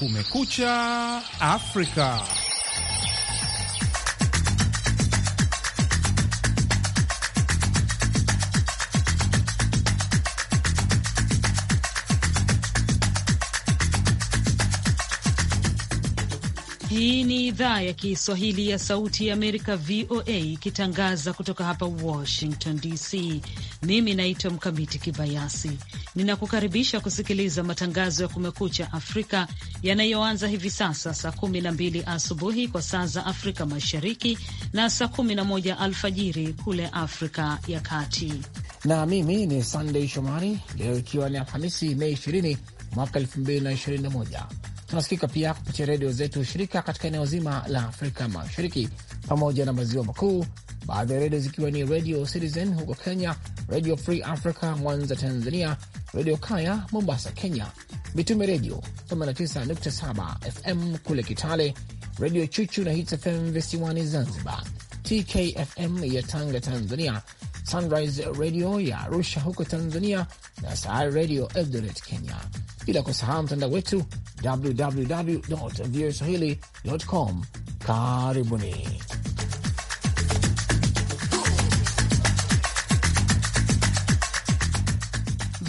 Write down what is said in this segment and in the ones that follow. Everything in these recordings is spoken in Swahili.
Kumekucha Afrika. Hii ni idhaa ya Kiswahili ya Sauti ya Amerika, VOA, ikitangaza kutoka hapa Washington DC. Mimi naitwa Mkamiti Kibayasi. Ninakukaribisha kusikiliza matangazo ya Kumekucha Afrika yanayoanza hivi sasa saa 12 asubuhi kwa saa za Afrika Mashariki na saa 11 alfajiri kule Afrika ya Kati. Na mimi ni sandey Shomari. Leo ikiwa ni Alhamisi, Mei 20 mwaka 2021, tunasikika pia kupitia redio zetu shirika katika eneo zima la Afrika Mashariki pamoja na maziwa makuu, baadhi ya redio zikiwa ni Radio Citizen huko Kenya, Radio Free Africa Mwanza Tanzania, Redio Kaya Mombasa, Kenya, Mitume Redio 89.7 FM kule Kitale, Redio Chuchu na Hits FM visiwani Zanzibar, TKFM ya Tanga, Tanzania, Sunrise Redio ya Arusha huko Tanzania na Sayari Redio Eldoret, Kenya, bila kusahau mtandao wetu www voa com. Karibuni.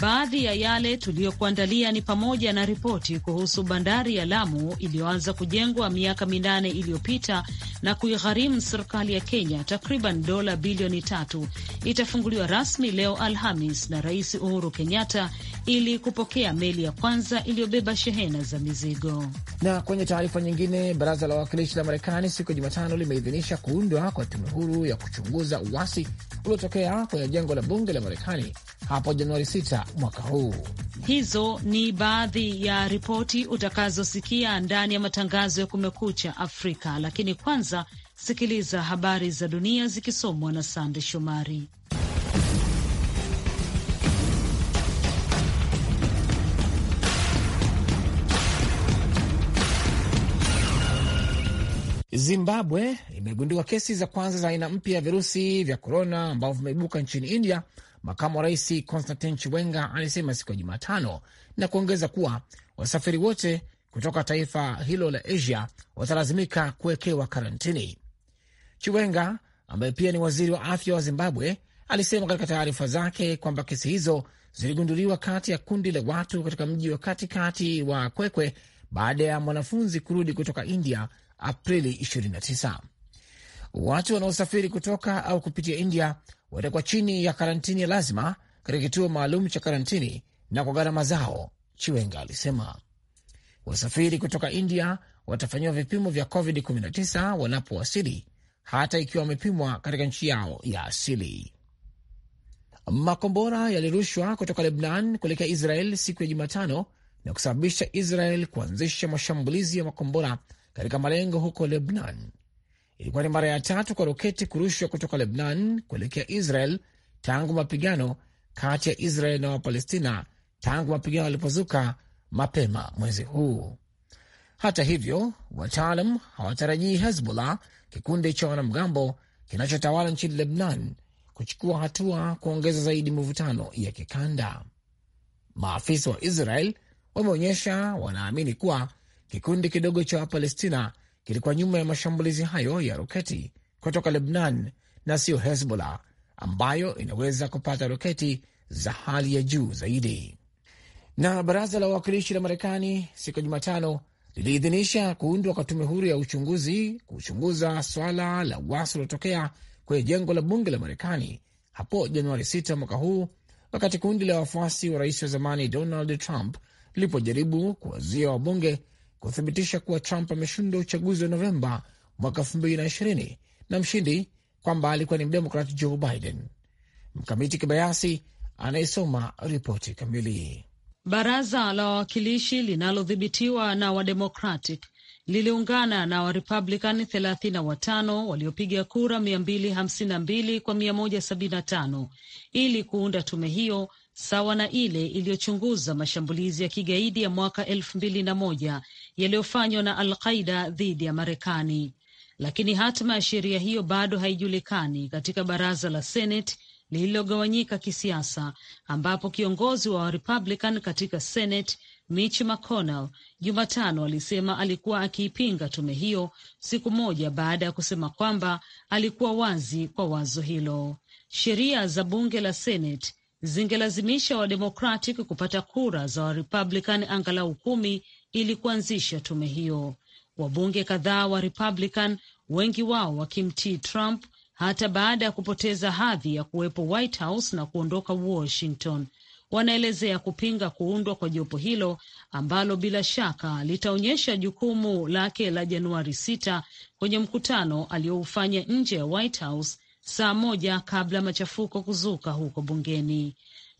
Baadhi ya yale tuliyokuandalia ni pamoja na ripoti kuhusu bandari ya Lamu iliyoanza kujengwa miaka minane iliyopita na kuigharimu serikali ya Kenya takriban dola bilioni tatu itafunguliwa rasmi leo Alhamis na Rais Uhuru Kenyatta ili kupokea meli ya kwanza iliyobeba shehena za mizigo. Na kwenye taarifa nyingine, baraza la wawakilishi la Marekani siku ya Jumatano limeidhinisha kuundwa kwa tume huru ya kuchunguza uwasi uliotokea kwenye jengo la bunge la Marekani hapo Januari 6 mwaka huu. Hizo ni baadhi ya ripoti utakazosikia ndani ya matangazo ya Kumekucha Afrika, lakini kwanza Uingereza. Sikiliza habari za dunia zikisomwa na Sande Shomari. Zimbabwe imegundua kesi za kwanza za aina mpya ya virusi vya korona ambavyo vimeibuka nchini India, makamu wa rais Constantin Chiwenga alisema siku ya Jumatano na kuongeza kuwa wasafiri wote kutoka taifa hilo la Asia watalazimika kuwekewa karantini. Chiwenga ambaye pia ni waziri wa afya wa Zimbabwe alisema katika taarifa zake kwamba kesi hizo ziligunduliwa kati ya kundi la watu katika mji wa katikati wa Kwekwe baada ya mwanafunzi kurudi kutoka India Aprili 29. Watu wanaosafiri kutoka au kupitia India watakuwa chini ya karantini ya lazima katika kituo maalum cha karantini na kwa gharama zao, Chiwenga alisema. Wasafiri kutoka India watafanyiwa vipimo vya COVID-19 wanapowasili hata ikiwa wamepimwa katika nchi yao ya asili. Makombora yalirushwa kutoka Lebnan kuelekea Israel siku ya Jumatano na kusababisha Israel kuanzisha mashambulizi ya makombora katika malengo huko Lebnan. Ilikuwa ni mara ya tatu kwa roketi kurushwa kutoka Lebnan kuelekea Israel tangu mapigano kati ya Israel na Wapalestina tangu mapigano yalipozuka mapema mwezi huu. Hata hivyo, wataalam hawatarajii Hezbollah, kikundi cha wanamgambo kinachotawala nchini Lebnan, kuchukua hatua kuongeza zaidi mivutano ya kikanda. Maafisa wa Israel wameonyesha wanaamini kuwa kikundi kidogo cha Wapalestina kilikuwa nyuma ya mashambulizi hayo ya roketi kutoka Lebnan na siyo Hezbollah ambayo inaweza kupata roketi za hali ya juu zaidi. Na baraza la wawakilishi la Marekani siku ya Jumatano liliidhinisha kuundwa kwa tume huru ya uchunguzi kuchunguza swala la uasi uliotokea kwenye jengo la bunge la Marekani hapo Januari 6 mwaka huu, wakati kundi la wafuasi wa rais wa zamani Donald Trump lilipojaribu kuwazuia wabunge kuthibitisha kuwa Trump ameshinda uchaguzi wa Novemba mwaka elfu na na mshindi kwamba alikuwa ni mdemokrat Joe Biden. Mkamiti Kibayasi anayesoma ripoti kamili. Baraza la wawakilishi linalodhibitiwa na Wademokratic liliungana na Warepublican thelathini na watano waliopiga kura mia mbili hamsini na mbili kwa mia moja sabini na tano ili kuunda tume hiyo sawa na ile iliyochunguza mashambulizi ya kigaidi ya mwaka elfu mbili na moja yaliyofanywa na Al Qaida dhidi ya Marekani, lakini hatima ya sheria hiyo bado haijulikani katika baraza la Senate lililogawanyika kisiasa ambapo kiongozi wa Republican katika Senate Mitch McConnell Jumatano alisema alikuwa akiipinga tume hiyo siku moja baada ya kusema kwamba alikuwa wazi kwa wazo hilo. Sheria za bunge la Senate zingelazimisha Wademokratic kupata kura za Warepublican angalau kumi ili kuanzisha tume hiyo. Wabunge kadhaa wa Republican, wengi wao wakimtii Trump, hata baada ya kupoteza hadhi ya kuwepo White House na kuondoka Washington. Wanaelezea kupinga kuundwa kwa jopo hilo ambalo bila shaka litaonyesha jukumu lake la Januari sita kwenye mkutano aliyoufanya nje ya White House saa moja kabla machafuko kuzuka huko bungeni.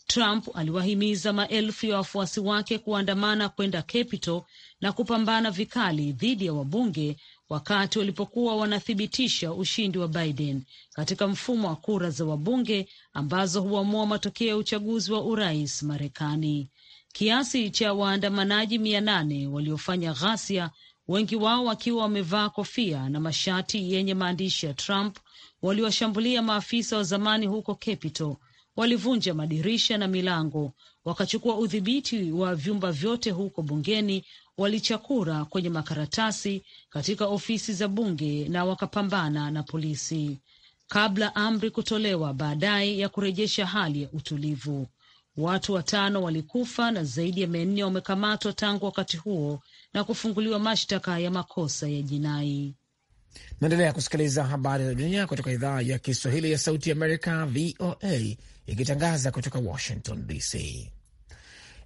Trump aliwahimiza maelfu ya wafuasi wake kuandamana kwenda Capitol na kupambana vikali dhidi ya wabunge wakati walipokuwa wanathibitisha ushindi wa Biden katika mfumo wa kura za wabunge ambazo huamua matokeo ya uchaguzi wa urais Marekani. Kiasi cha waandamanaji mia nane waliofanya ghasia, wengi wao wakiwa wamevaa kofia na mashati yenye maandishi ya Trump, waliwashambulia maafisa wa zamani huko Capitol, walivunja madirisha na milango wakachukua udhibiti wa vyumba vyote huko bungeni walichakura kwenye makaratasi katika ofisi za bunge na wakapambana na polisi kabla amri kutolewa baadaye ya kurejesha hali ya utulivu. Watu watano walikufa na zaidi ya mia nne wamekamatwa tangu wakati huo na kufunguliwa mashtaka ya makosa ya jinai. Naendelea kusikiliza habari za dunia kutoka idhaa ya Kiswahili ya Sauti ya Amerika, VOA, ikitangaza kutoka Washington DC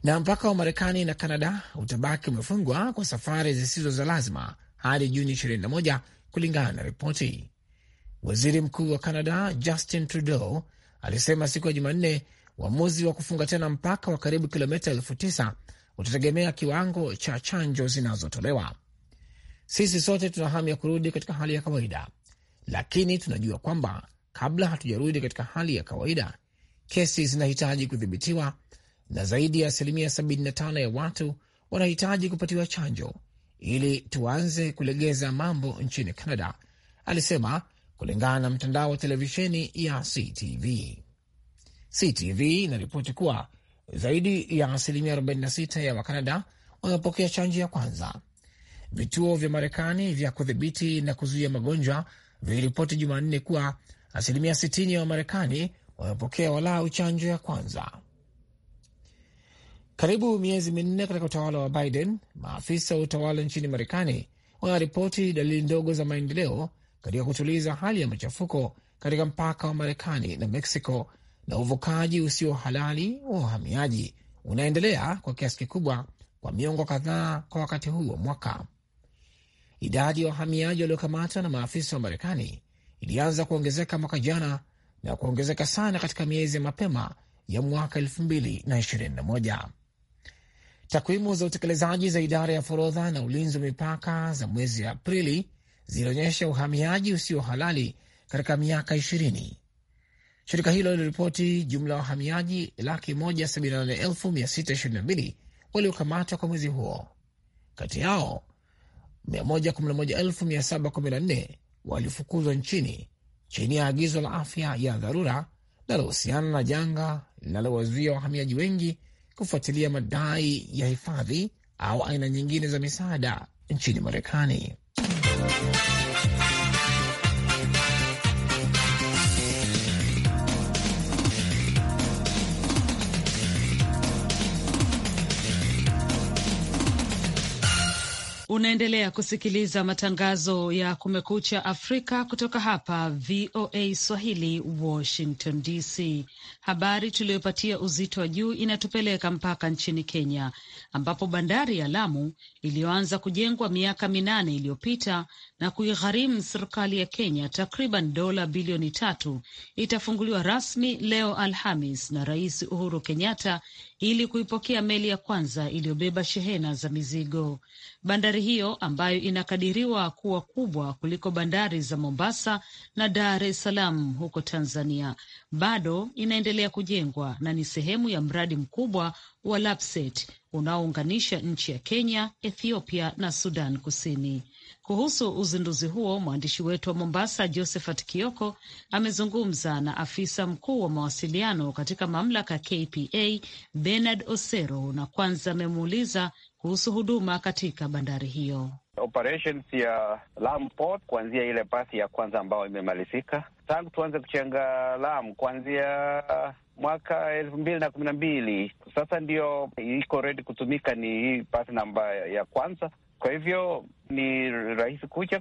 na mpaka wa Marekani na Kanada utabaki umefungwa kwa safari zisizo za lazima hadi Juni 21 kulingana na ripoti. Waziri Mkuu wa Kanada Justin Trudeau alisema siku ya Jumanne uamuzi wa kufunga tena mpaka wa karibu kilomita elfu tisa utategemea kiwango cha chanjo zinazotolewa. Sisi sote tuna hamu ya kurudi katika hali ya kawaida, lakini tunajua kwamba kabla hatujarudi katika hali ya kawaida, kesi zinahitaji kudhibitiwa na zaidi ya asilimia 75 ya watu wanahitaji kupatiwa chanjo ili tuanze kulegeza mambo nchini Canada, alisema kulingana na mtandao wa televisheni ya CTV. CTV inaripoti kuwa zaidi ya asilimia 46 ya Wakanada wamepokea chanjo ya kwanza. Vituo vya Marekani vya kudhibiti na kuzuia magonjwa viliripoti Jumanne kuwa asilimia 60 ya Wamarekani wamepokea walau chanjo ya kwanza. Karibu miezi minne katika utawala wa Biden, maafisa wa utawala nchini Marekani wanaripoti dalili ndogo za maendeleo katika kutuliza hali ya machafuko katika mpaka wa Marekani na Meksiko, na uvukaji usio halali wa wahamiaji unaendelea kwa kiasi kikubwa kwa miongo kadhaa kwa wakati huu wa mwaka. Idadi ya wahamiaji waliokamatwa na maafisa wa Marekani ilianza kuongezeka mwaka jana na kuongezeka sana katika miezi ya mapema ya mwaka 2021. Takwimu za utekelezaji za idara ya forodha na ulinzi wa mipaka za mwezi Aprili zilionyesha uhamiaji usio halali katika miaka ishirini. Shirika hilo liliripoti jumla ya wahamiaji laki moja sabini na nane elfu mia sita ishirini na mbili waliokamatwa kwa mwezi huo. Kati yao mia walifukuzwa nchini chini ya agizo la afya ya dharura linalohusiana na janga linalowazuia wahamiaji wengi kufuatilia madai ya hifadhi au aina nyingine za misaada nchini Marekani. Unaendelea kusikiliza matangazo ya Kumekucha Afrika kutoka hapa VOA Swahili, Washington DC. Habari tuliyopatia uzito wa juu inatupeleka mpaka nchini Kenya, ambapo bandari ya Lamu iliyoanza kujengwa miaka minane iliyopita na kuigharimu serikali ya Kenya takriban dola bilioni tatu itafunguliwa rasmi leo Alhamis na Rais Uhuru Kenyatta ili kuipokea meli ya kwanza iliyobeba shehena za mizigo bandari bandari hiyo ambayo inakadiriwa kuwa kubwa kuliko bandari za Mombasa na Dar es Salaam huko Tanzania bado inaendelea kujengwa na ni sehemu ya mradi mkubwa wa lapset unaounganisha nchi ya Kenya, Ethiopia na Sudan Kusini. Kuhusu uzinduzi huo, mwandishi wetu wa Mombasa Josephat Kioko amezungumza na afisa mkuu wa mawasiliano katika mamlaka KPA Bernard Osero, na kwanza amemuuliza kuhusu huduma katika bandari hiyo. Operations ya Lamu Port kuanzia ile pasi ya kwanza ambayo imemalizika tangu tuanze kuchenga Lamu kuanzia uh, mwaka elfu mbili na kumi na mbili sasa ndiyo iko redi kutumika, ni hii pasi namba ya kwanza. Kwa hivyo ni rahisi kuja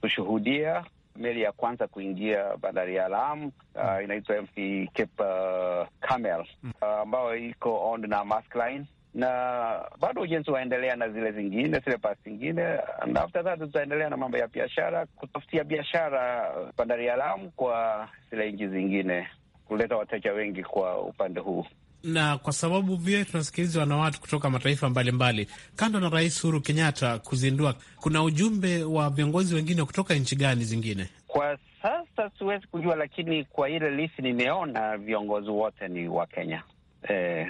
kushuhudia meli ya kwanza kuingia bandari ya Lamu. Uh, inaitwa MV Cape uh, Camel mm. uh, ambayo iko owned na Maersk Line na bado ujenzi waendelea na zile zingine zile pasi zingine, na after that tutaendelea na mambo ya biashara, kutafutia biashara bandari ya Lamu kwa zile nchi zingine, kuleta wateja wengi kwa upande huu na kwa sababu vile tunasikilizwa na watu kutoka mataifa mbalimbali mbali. Kando na Rais Uhuru Kenyatta kuzindua, kuna ujumbe wa viongozi wengine kutoka nchi gani zingine? Kwa sasa siwezi kujua, lakini kwa ile lisi nimeona viongozi wote ni wa Kenya. E,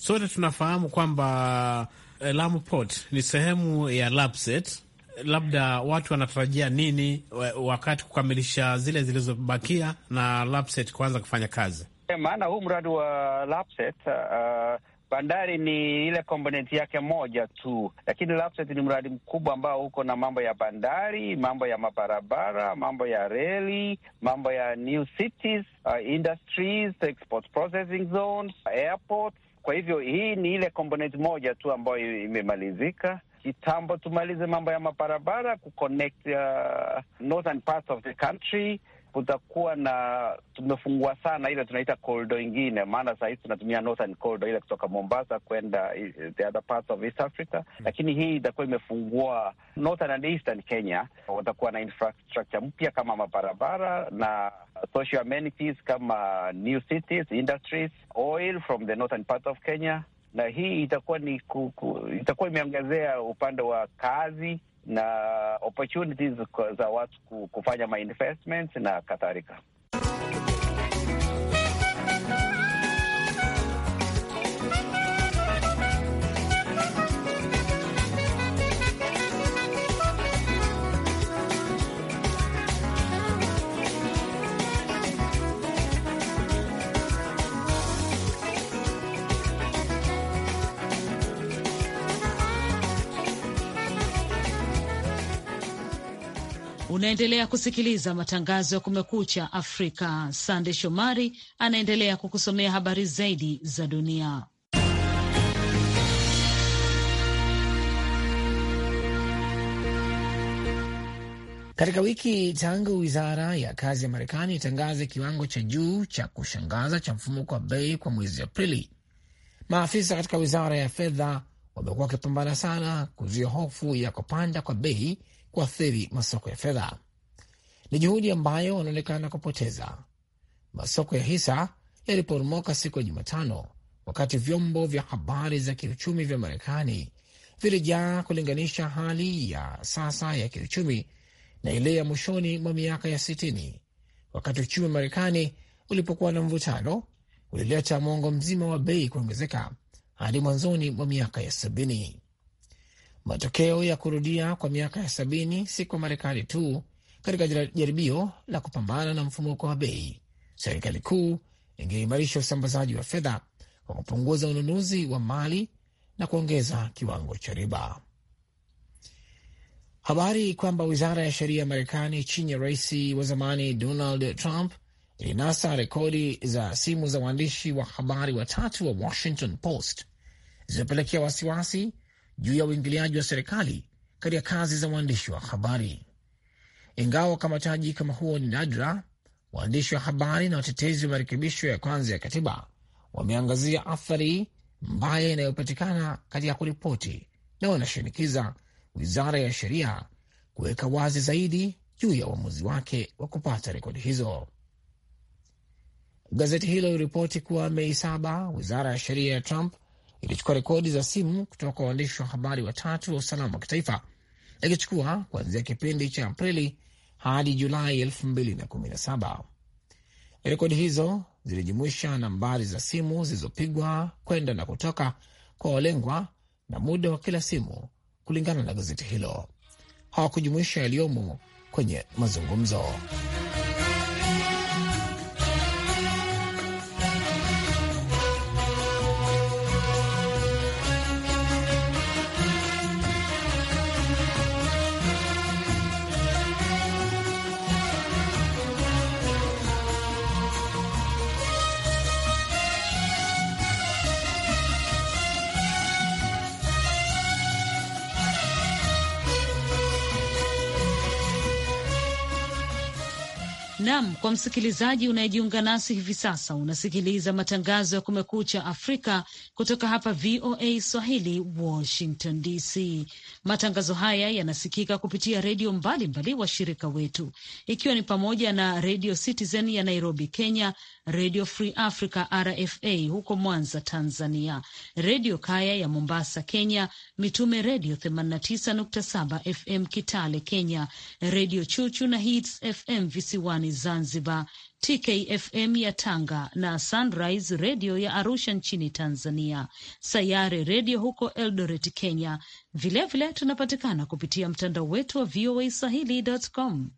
Sote tunafahamu kwamba eh, Lamu Port ni sehemu ya Lapset. Labda watu wanatarajia nini wakati kukamilisha zile zilizobakia na Lapset kuanza kufanya kazi? Eh, maana huu mradi wa Lapset uh, bandari ni ile komponenti yake moja tu, lakini Lapset ni mradi mkubwa ambao uko na mambo ya bandari, mambo ya mabarabara, mambo ya reli, mambo ya new cities, uh, industries, export processing zones, airports kwa hivyo hii ni ile komponenti moja tu ambayo imemalizika kitambo. Tumalize mambo ya mabarabara kuconnect uh, northern part of the country kutakuwa na tumefungua sana ile tunaita koldo ingine, maana saa hizi tunatumia northern corridor ile kutoka Mombasa kwenda eh, eh, the other parts of East Africa mm -hmm. Lakini hii itakuwa imefungua northern and eastern Kenya, watakuwa na infrastructure mpya kama mabarabara na social amenities kama new cities, industries, oil from the northern part of Kenya, na hii itakuwa ni ku, itakuwa imeongezea upande wa kazi na opportunities za watu kufanya ma investments na kadhalika. Unaendelea kusikiliza matangazo ya Kumekucha Afrika. Sande Shomari anaendelea kukusomea habari zaidi za dunia. Katika wiki tangu wizara ya kazi ya Marekani itangaze kiwango cha juu cha kushangaza cha mfumuko wa bei kwa mwezi Aprili, maafisa katika wizara ya fedha wamekuwa wakipambana sana kuzuia hofu ya kupanda kwa bei kuathiri masoko ya fedha. Ni juhudi ambayo wanaonekana kupoteza. Masoko ya hisa yaliporomoka siku ya Jumatano wakati vyombo vya habari za kiuchumi vya Marekani vilijaa kulinganisha hali ya sasa ya kiuchumi na ile ya mwishoni mwa miaka ya sitini, wakati uchumi wa Marekani ulipokuwa na mvutano ulileta mwongo mzima wa bei kuongezeka hadi mwanzoni mwa miaka ya sabini. Matokeo ya kurudia kwa miaka ya sabini si kwa Marekani tu. Katika jaribio la kupambana na mfumuko wa bei, serikali kuu ingeimarisha usambazaji wa fedha kwa kupunguza ununuzi wa mali na kuongeza kiwango cha riba. Habari kwamba wizara ya sheria ya Marekani chini ya rais wa zamani Donald Trump ilinasa rekodi za simu za waandishi wa habari watatu wa Washington Post zimepelekea wasiwasi juu ya uingiliaji wa serikali katika kazi za waandishi wa habari. Ingawa ukamataji kama huo ni nadra, waandishi wa habari na watetezi wa marekebisho ya kwanza ya katiba wameangazia athari mbaya inayopatikana katika kuripoti na wanashinikiza wizara ya sheria kuweka wazi zaidi juu ya uamuzi wake wa kupata rekodi hizo. Gazeti hilo iripoti kuwa Mei saba, wizara ya sheria ya Trump ilichukua rekodi za simu kutoka kwa waandishi wa habari watatu wa usalama wa kitaifa, ikichukua kuanzia kipindi cha Aprili hadi Julai 2017. Rekodi hizo zilijumuisha nambari za simu zilizopigwa kwenda na kutoka kwa walengwa na muda wa kila simu, kulingana na gazeti hilo. Hawakujumuisha yaliyomo kwenye mazungumzo. Nam, kwa msikilizaji unayejiunga nasi hivi sasa, unasikiliza matangazo ya Kumekucha Afrika kutoka hapa VOA Swahili, Washington DC. Matangazo haya yanasikika kupitia redio mbalimbali washirika wetu, ikiwa ni pamoja na Redio Citizen ya Nairobi, Kenya, Radio Free Africa RFA huko Mwanza, Tanzania, Redio Kaya ya Mombasa, Kenya, Mitume Redio 89.7 FM Kitale, Kenya, Redio Chuchu na Hits FM visiwani Zanzibar, TKFM ya Tanga na Sunrise Redio ya Arusha nchini Tanzania, Sayare Redio huko Eldoret, Kenya. Vilevile vile tunapatikana kupitia mtandao wetu wa VOA Swahili.com.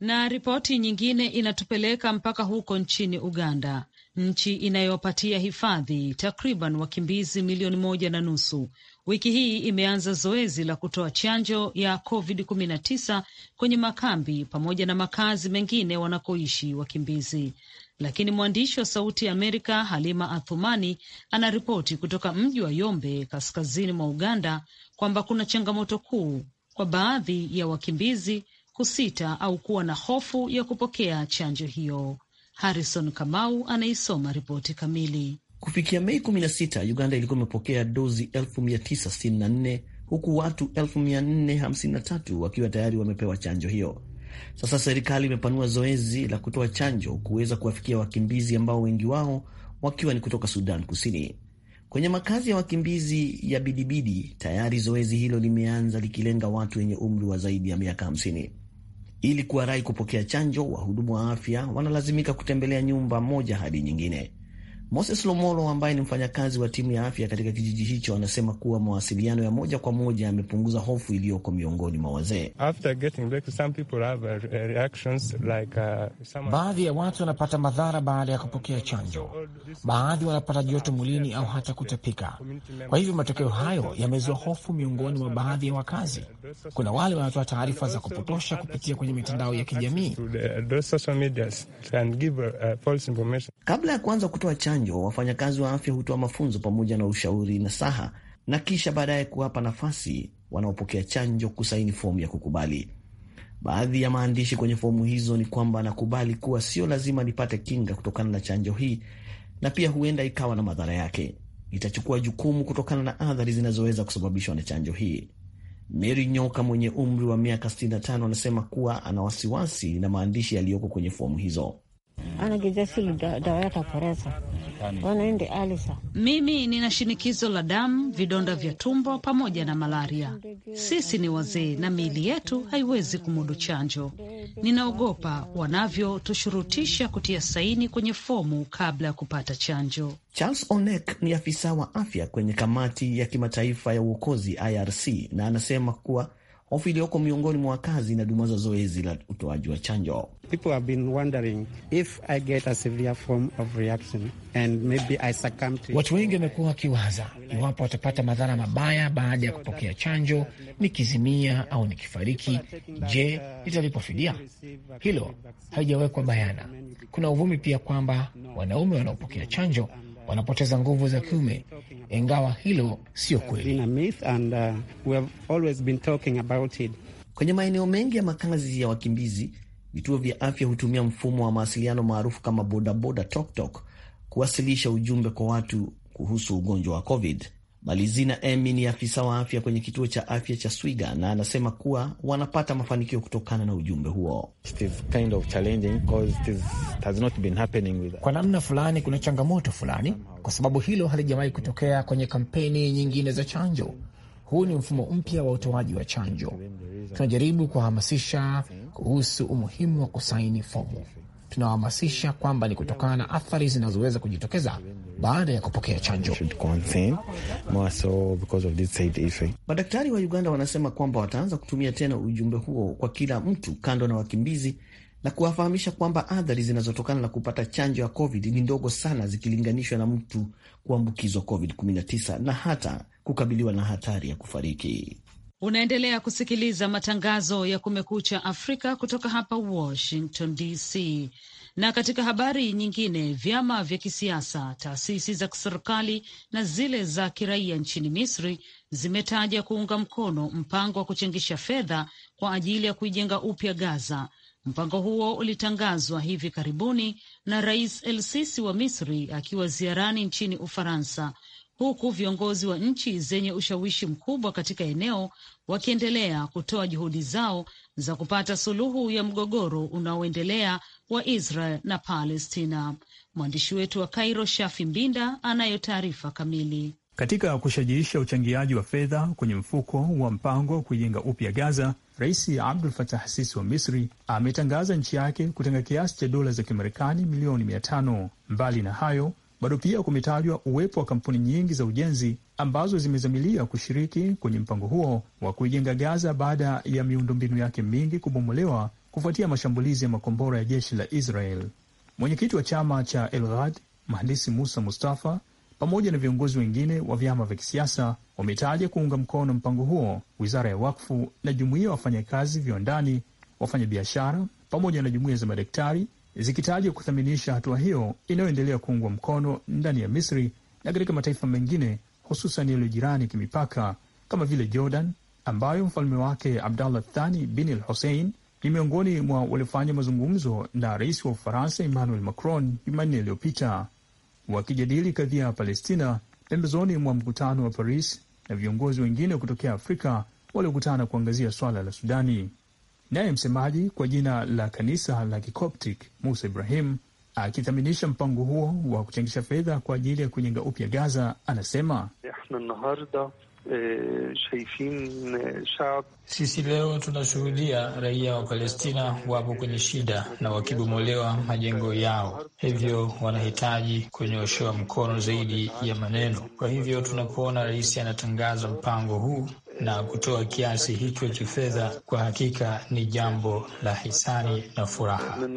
Na ripoti nyingine inatupeleka mpaka huko nchini Uganda, nchi inayopatia hifadhi takriban wakimbizi milioni moja na nusu. Wiki hii imeanza zoezi la kutoa chanjo ya COVID-19 kwenye makambi pamoja na makazi mengine wanakoishi wakimbizi. Lakini mwandishi wa Sauti ya Amerika Halima Athumani anaripoti kutoka mji wa Yombe, kaskazini mwa Uganda, kwamba kuna changamoto kuu kwa baadhi ya wakimbizi kusita au kuwa na hofu ya kupokea chanjo hiyo. Harrison Kamau anaisoma ripoti kamili. Kufikia Mei 16 Uganda ilikuwa imepokea dozi 964 huku watu 453 wakiwa tayari wamepewa chanjo hiyo. Sasa serikali imepanua zoezi la kutoa chanjo kuweza kuwafikia wakimbizi ambao wengi wao wakiwa ni kutoka Sudan Kusini. Kwenye makazi ya wakimbizi ya Bidibidi tayari zoezi hilo limeanza likilenga watu wenye umri wa zaidi ya miaka 50. Ili kuwarai kupokea chanjo, wahudumu wa afya wanalazimika kutembelea nyumba moja hadi nyingine. Moses Lomolo ambaye ni mfanyakazi wa timu ya afya katika kijiji hicho anasema kuwa mawasiliano ya moja kwa moja yamepunguza hofu iliyoko miongoni mwa wazee. Uh, uh, baadhi ya watu wanapata madhara baada ya kupokea chanjo, baadhi wanapata joto mwilini au hata kutapika. Kwa hivyo matokeo hayo yamezua hofu miongoni mwa baadhi ya wakazi. Kuna wale wanatoa taarifa za kupotosha kupitia kwenye mitandao ya kijamii. Uh, Kabla ya kuanza kutoa chanjo chanjo, wafanyakazi wa afya hutoa mafunzo pamoja na ushauri na saha, na kisha baadaye kuwapa nafasi wanaopokea chanjo kusaini fomu ya kukubali. Baadhi ya maandishi kwenye fomu hizo ni kwamba nakubali kuwa sio lazima nipate kinga kutokana na chanjo hii, na pia huenda ikawa na madhara yake. Itachukua jukumu kutokana na athari zinazoweza kusababishwa na chanjo hii. Mary Nyoka mwenye umri wa miaka 65 anasema kuwa ana wasiwasi na maandishi yaliyoko kwenye fomu hizo. Yaani? Mimi nina shinikizo la damu, vidonda vya tumbo pamoja na malaria. Sisi ni wazee na miili yetu haiwezi kumudu chanjo. Ninaogopa wanavyotushurutisha kutia saini kwenye fomu kabla ya kupata chanjo. Charles Onek ni afisa wa afya kwenye kamati ya kimataifa ya uokozi IRC, na anasema kuwa hofu iliyoko miongoni mwa wakazi dumaza zoezi la utoaji wa chanjo. Watu wengi wamekuwa wakiwaza iwapo watapata madhara mabaya baada ya kupokea chanjo, nikizimia au nikifariki, je, nitalipwa fidia? Hilo halijawekwa bayana. Kuna uvumi pia kwamba wanaume wanaopokea chanjo wanapoteza nguvu za kiume, ingawa hilo sio kweli. Uh, Kwenye maeneo mengi ya makazi ya wakimbizi, vituo vya afya hutumia mfumo wa mawasiliano maarufu kama bodaboda, Tok Tok kuwasilisha ujumbe kwa watu kuhusu ugonjwa wa COVID. Malizina Emi ni afisa wa afya kwenye kituo cha afya cha Swiga na anasema kuwa wanapata mafanikio kutokana na ujumbe huo. Kind of kwa namna fulani, kuna changamoto fulani kwa sababu hilo halijawahi kutokea kwenye kampeni nyingine za chanjo. Huu ni mfumo mpya wa utoaji wa chanjo. Tunajaribu kuwahamasisha kuhusu umuhimu wa kusaini fomu tunawahamasisha kwamba ni kutokana na athari zinazoweza kujitokeza baada ya kupokea chanjo. Madaktari wa Uganda wanasema kwamba wataanza kutumia tena ujumbe huo kwa kila mtu kando na wakimbizi na kuwafahamisha kwamba athari zinazotokana na kupata chanjo ya COVID ni ndogo sana zikilinganishwa na mtu kuambukizwa COVID-19 na hata kukabiliwa na hatari ya kufariki. Unaendelea kusikiliza matangazo ya Kumekucha Afrika kutoka hapa Washington DC. Na katika habari nyingine, vyama vya kisiasa, taasisi za kiserikali na zile za kiraia nchini Misri zimetaja kuunga mkono mpango wa kuchangisha fedha kwa ajili ya kuijenga upya Gaza. Mpango huo ulitangazwa hivi karibuni na Rais El Sisi wa Misri akiwa ziarani nchini Ufaransa huku viongozi wa nchi zenye ushawishi mkubwa katika eneo wakiendelea kutoa juhudi zao za kupata suluhu ya mgogoro unaoendelea wa Israel na Palestina. Mwandishi wetu wa Kairo, Shafi Mbinda, anayo taarifa kamili. Katika kushajiisha uchangiaji wa fedha kwenye mfuko wa mpango wa kuijenga upya Gaza, Rais Abdul Fatah Sisi wa Misri ametangaza nchi yake kutenga kiasi cha dola za Kimarekani milioni mia tano. Mbali na hayo bado pia kumetajwa uwepo wa kampuni nyingi za ujenzi ambazo zimezamilia kushiriki kwenye mpango huo wa kuijenga Gaza baada ya miundombinu yake mingi kubomolewa kufuatia mashambulizi ya makombora ya jeshi la Israel. Mwenyekiti wa chama cha Elghad, mhandisi Musa Mustafa, pamoja na viongozi wengine wa vyama vya kisiasa wametaja kuunga mkono mpango huo. Wizara ya Wakfu na jumuiya wafanyakazi viwandani, wafanyabiashara pamoja na jumuiya za madaktari zikitajwa kuthaminisha hatua hiyo inayoendelea kuungwa mkono ndani ya Misri na katika mataifa mengine hususan yaliyo jirani kimipaka kama vile Jordan ambayo mfalme wake Abdallah Thani bin al Hussein ni miongoni mwa waliofanya mazungumzo na rais wa Ufaransa Emmanuel Macron Jumanne iliyopita wakijadili kadhia ya Palestina pembezoni mwa mkutano wa Paris na viongozi wengine kutokea Afrika waliokutana kuangazia swala la Sudani. Naye msemaji kwa jina la kanisa la Kikoptic Musa Ibrahim akithaminisha mpango huo wa kuchangisha fedha kwa ajili ya kujenga upya Gaza anasema eh, eh, sisi leo tunashuhudia raia wa Palestina wapo kwenye shida na wakibomolewa majengo yao, hivyo wanahitaji kunyoshewa mkono zaidi ya maneno. Kwa hivyo tunapoona rais anatangaza mpango huu, na kutoa kiasi hicho cha fedha kwa hakika ni jambo la hisani na furaha.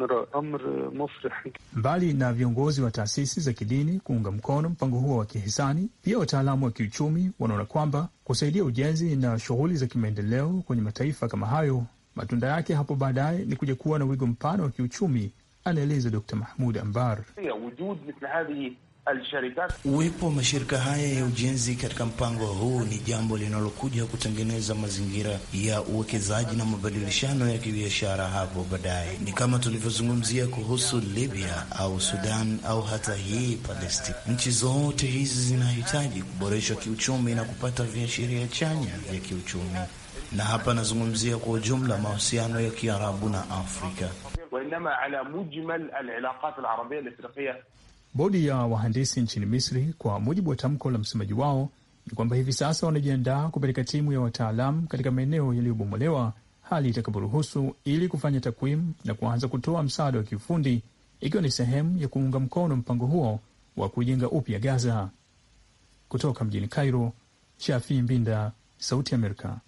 Mbali na viongozi wa taasisi za kidini kuunga mkono mpango huo wa kihisani, pia wataalamu wa kiuchumi wanaona kwamba kusaidia ujenzi na shughuli za kimaendeleo kwenye mataifa kama hayo, matunda yake hapo baadaye ni kuja kuwa na wigo mpana wa kiuchumi, anaeleza dr Mahmud Ambar. Uwepo wa mashirika haya ya ujenzi katika mpango huu ni jambo linalokuja kutengeneza mazingira ya uwekezaji na mabadilishano ya kibiashara hapo baadaye. Ni kama tulivyozungumzia kuhusu Libya au Sudan au hata hii Palestina. Nchi zote hizi zinahitaji kuboreshwa kiuchumi na kupata viashiria chanya vya kiuchumi, na hapa nazungumzia kwa ujumla mahusiano ya Kiarabu na Afrika. Bodi ya wahandisi nchini Misri, kwa mujibu wa tamko la msemaji wao, ni kwamba hivi sasa wanajiandaa kupeleka timu ya wataalam katika maeneo yaliyobomolewa hali itakaporuhusu, ili kufanya takwimu na kuanza kutoa msaada wa kiufundi, ikiwa ni sehemu ya kuunga mkono mpango huo wa kujenga upya Gaza. Kutoka mjini Cairo, Shafi Mbinda, Sauti Amerika.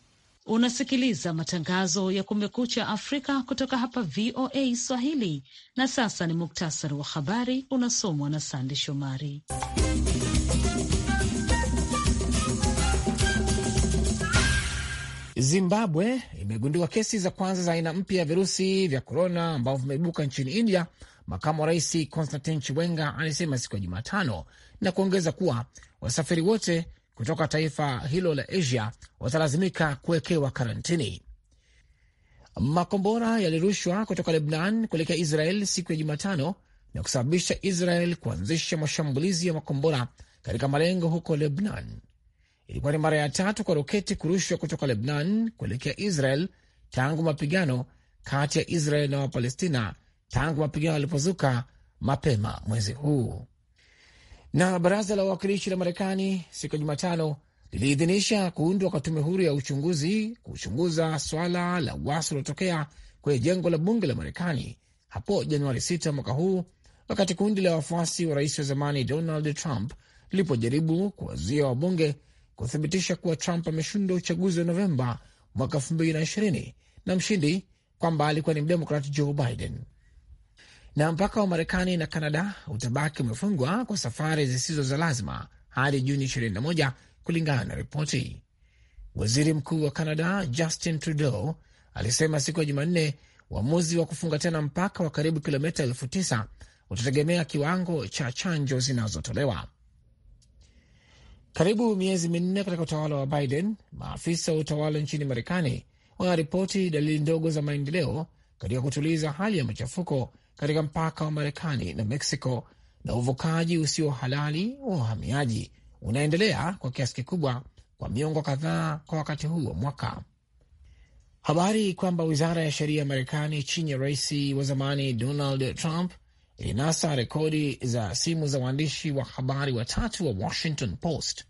Unasikiliza matangazo ya Kumekucha Afrika kutoka hapa VOA Swahili. Na sasa ni muktasari wa habari unasomwa na Sande Shomari. Zimbabwe imegundua kesi za kwanza za aina mpya ya virusi vya korona ambavyo vimeibuka nchini India, makamu wa rais Konstantin Chiwenga alisema siku ya Jumatano na kuongeza kuwa wasafiri wote kutoka taifa hilo la Asia watalazimika kuwekewa karantini. Makombora yalirushwa kutoka Lebnan kuelekea Israel siku ya Jumatano na kusababisha Israel kuanzisha mashambulizi ya makombora katika malengo huko Lebnan. Ilikuwa ni mara ya tatu kwa roketi kurushwa kutoka Lebnan kuelekea Israel tangu mapigano kati ya Israel na Wapalestina tangu mapigano yalipozuka mapema mwezi huu. Na baraza la wawakilishi la Marekani siku ya Jumatano liliidhinisha kuundwa kwa tume huru ya uchunguzi kuchunguza swala la uasi uliotokea kwenye jengo la bunge la Marekani hapo Januari 6 mwaka huu, wakati kundi la wafuasi wa rais wa zamani Donald Trump lilipojaribu kuwazuia wabunge kuthibitisha kuwa Trump ameshindwa uchaguzi wa Novemba mwaka 2020 na mshindi kwamba alikuwa ni mdemokrat Joe Biden na mpaka wa Marekani na Kanada utabaki umefungwa kwa safari zisizo za lazima hadi Juni 21 kulingana na ripoti. Waziri Mkuu wa Kanada Justin Trudeau alisema siku ya Jumanne uamuzi wa kufunga tena mpaka wa karibu kilomita elfu tisa utategemea kiwango cha chanjo zinazotolewa. Karibu miezi minne katika utawala wa Biden, maafisa wa utawala nchini Marekani wanaripoti dalili ndogo za maendeleo katika kutuliza hali ya machafuko katika mpaka wa Marekani na Mexico, na uvukaji usio halali wa wahamiaji unaendelea kwa kiasi kikubwa kwa miongo kadhaa kwa wakati huu wa mwaka. Habari kwamba wizara ya sheria ya Marekani chini ya rais wa zamani Donald Trump ilinasa rekodi za simu za waandishi wa habari watatu wa Washington Post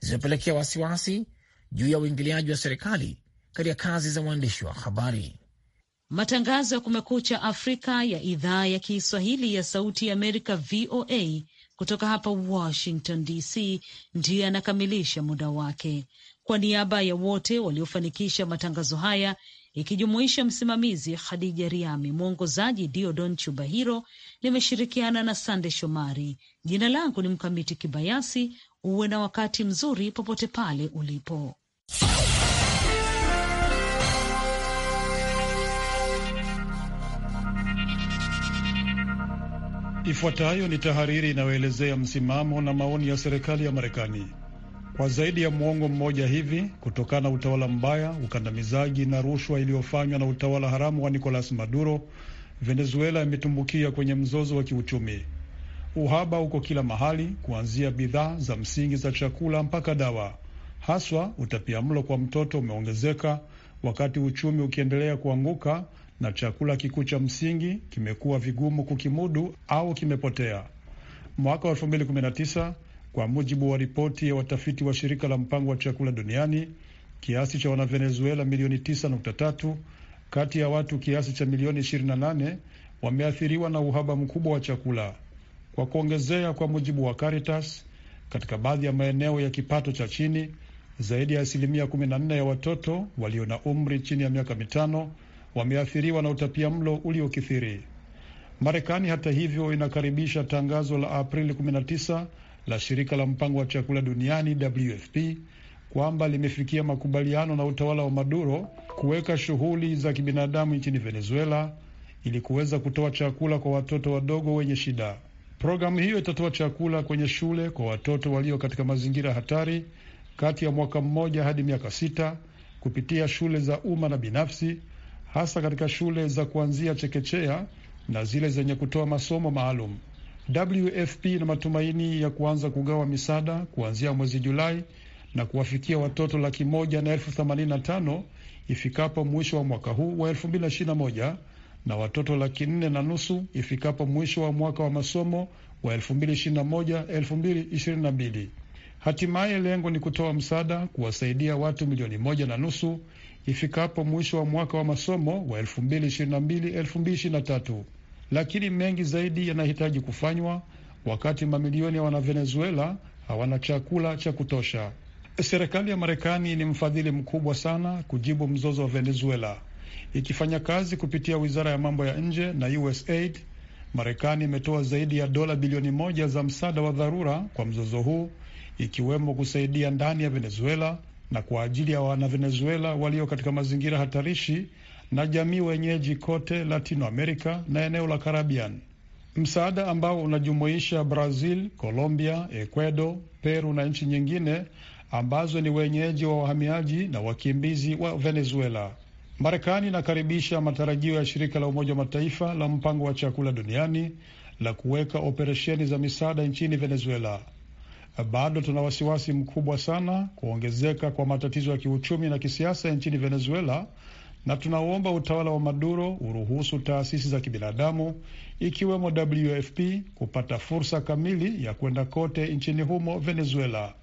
zimepelekea wasiwasi juu ya uingiliaji wa serikali katika kazi za waandishi wa habari. Matangazo ya Kumekucha Afrika ya idhaa ya Kiswahili ya Sauti ya Amerika, VOA, kutoka hapa Washington DC, ndiyo yanakamilisha muda wake. Kwa niaba ya wote waliofanikisha matangazo haya ikijumuisha msimamizi Khadija Riami, mwongozaji Diodon Chubahiro, nimeshirikiana na Sande Shomari. Jina langu ni Mkamiti Kibayasi. Uwe na wakati mzuri popote pale ulipo. Ifuatayo ni tahariri inayoelezea msimamo na maoni ya serikali ya Marekani. Kwa zaidi ya mwongo mmoja hivi, kutokana na utawala mbaya, ukandamizaji na rushwa iliyofanywa na utawala haramu wa Nicolas Maduro, Venezuela imetumbukia kwenye mzozo wa kiuchumi. Uhaba uko kila mahali, kuanzia bidhaa za msingi za chakula mpaka dawa. Haswa utapiamlo kwa mtoto umeongezeka, wakati uchumi ukiendelea kuanguka na chakula kikuu cha msingi kimekuwa vigumu kukimudu au kimepotea. Mwaka wa 2019 kwa mujibu wa ripoti ya watafiti wa shirika la mpango wa chakula duniani, kiasi cha Wanavenezuela milioni 9.3 kati ya watu kiasi cha milioni 28 wameathiriwa na uhaba mkubwa wa chakula. Kwa kuongezea, kwa mujibu wa Caritas, katika baadhi ya maeneo ya kipato cha chini, zaidi ya asilimia 14 ya watoto walio na umri chini ya miaka mitano wameathiriwa na utapia mlo uliokithiri. Marekani hata hivyo inakaribisha tangazo la Aprili 19 la shirika la mpango wa chakula duniani WFP kwamba limefikia makubaliano na utawala wa Maduro kuweka shughuli za kibinadamu nchini Venezuela ili kuweza kutoa chakula kwa watoto wadogo wenye shida. Programu hiyo itatoa chakula kwenye shule kwa watoto walio katika mazingira hatari kati ya mwaka mmoja hadi miaka sita kupitia shule za umma na binafsi hasa katika shule za kuanzia chekechea na zile zenye kutoa masomo maalum. WFP ina matumaini ya kuanza kugawa misaada kuanzia mwezi Julai na kuwafikia watoto laki moja na elfu themanini na tano ifikapo mwisho wa mwaka huu wa elfu mbili na ishirini na moja na watoto laki nne na nusu ifikapo mwisho wa mwaka wa masomo wa elfu mbili ishirini na moja elfu mbili ishirini na mbili. Hatimaye lengo ni kutoa msaada kuwasaidia watu milioni moja na nusu ifikapo mwisho wa mwaka wa masomo wa 2022-2023, lakini mengi zaidi yanahitaji kufanywa wakati mamilioni ya Wanavenezuela hawana chakula cha kutosha. Serikali ya Marekani ni mfadhili mkubwa sana kujibu mzozo wa Venezuela, ikifanya kazi kupitia wizara ya mambo ya nje na USAID. Marekani imetoa zaidi ya dola bilioni moja za msaada wa dharura kwa mzozo huu, ikiwemo kusaidia ndani ya Venezuela na kwa ajili ya Wanavenezuela walio katika mazingira hatarishi na jamii wenyeji kote Latino america na eneo la Karabian, msaada ambao unajumuisha Brazil, Colombia, Ecuador, Peru na nchi nyingine ambazo ni wenyeji wa wahamiaji na wakimbizi wa Venezuela. Marekani inakaribisha matarajio ya shirika la Umoja wa Mataifa la mpango wa chakula duniani la kuweka operesheni za misaada nchini Venezuela. Eh, bado tuna wasiwasi mkubwa sana kuongezeka kwa matatizo ya kiuchumi na kisiasa nchini Venezuela, na tunauomba utawala wa Maduro uruhusu taasisi za kibinadamu ikiwemo WFP kupata fursa kamili ya kwenda kote nchini humo Venezuela.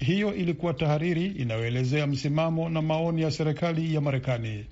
Hiyo ilikuwa tahariri inayoelezea msimamo na maoni ya serikali ya Marekani.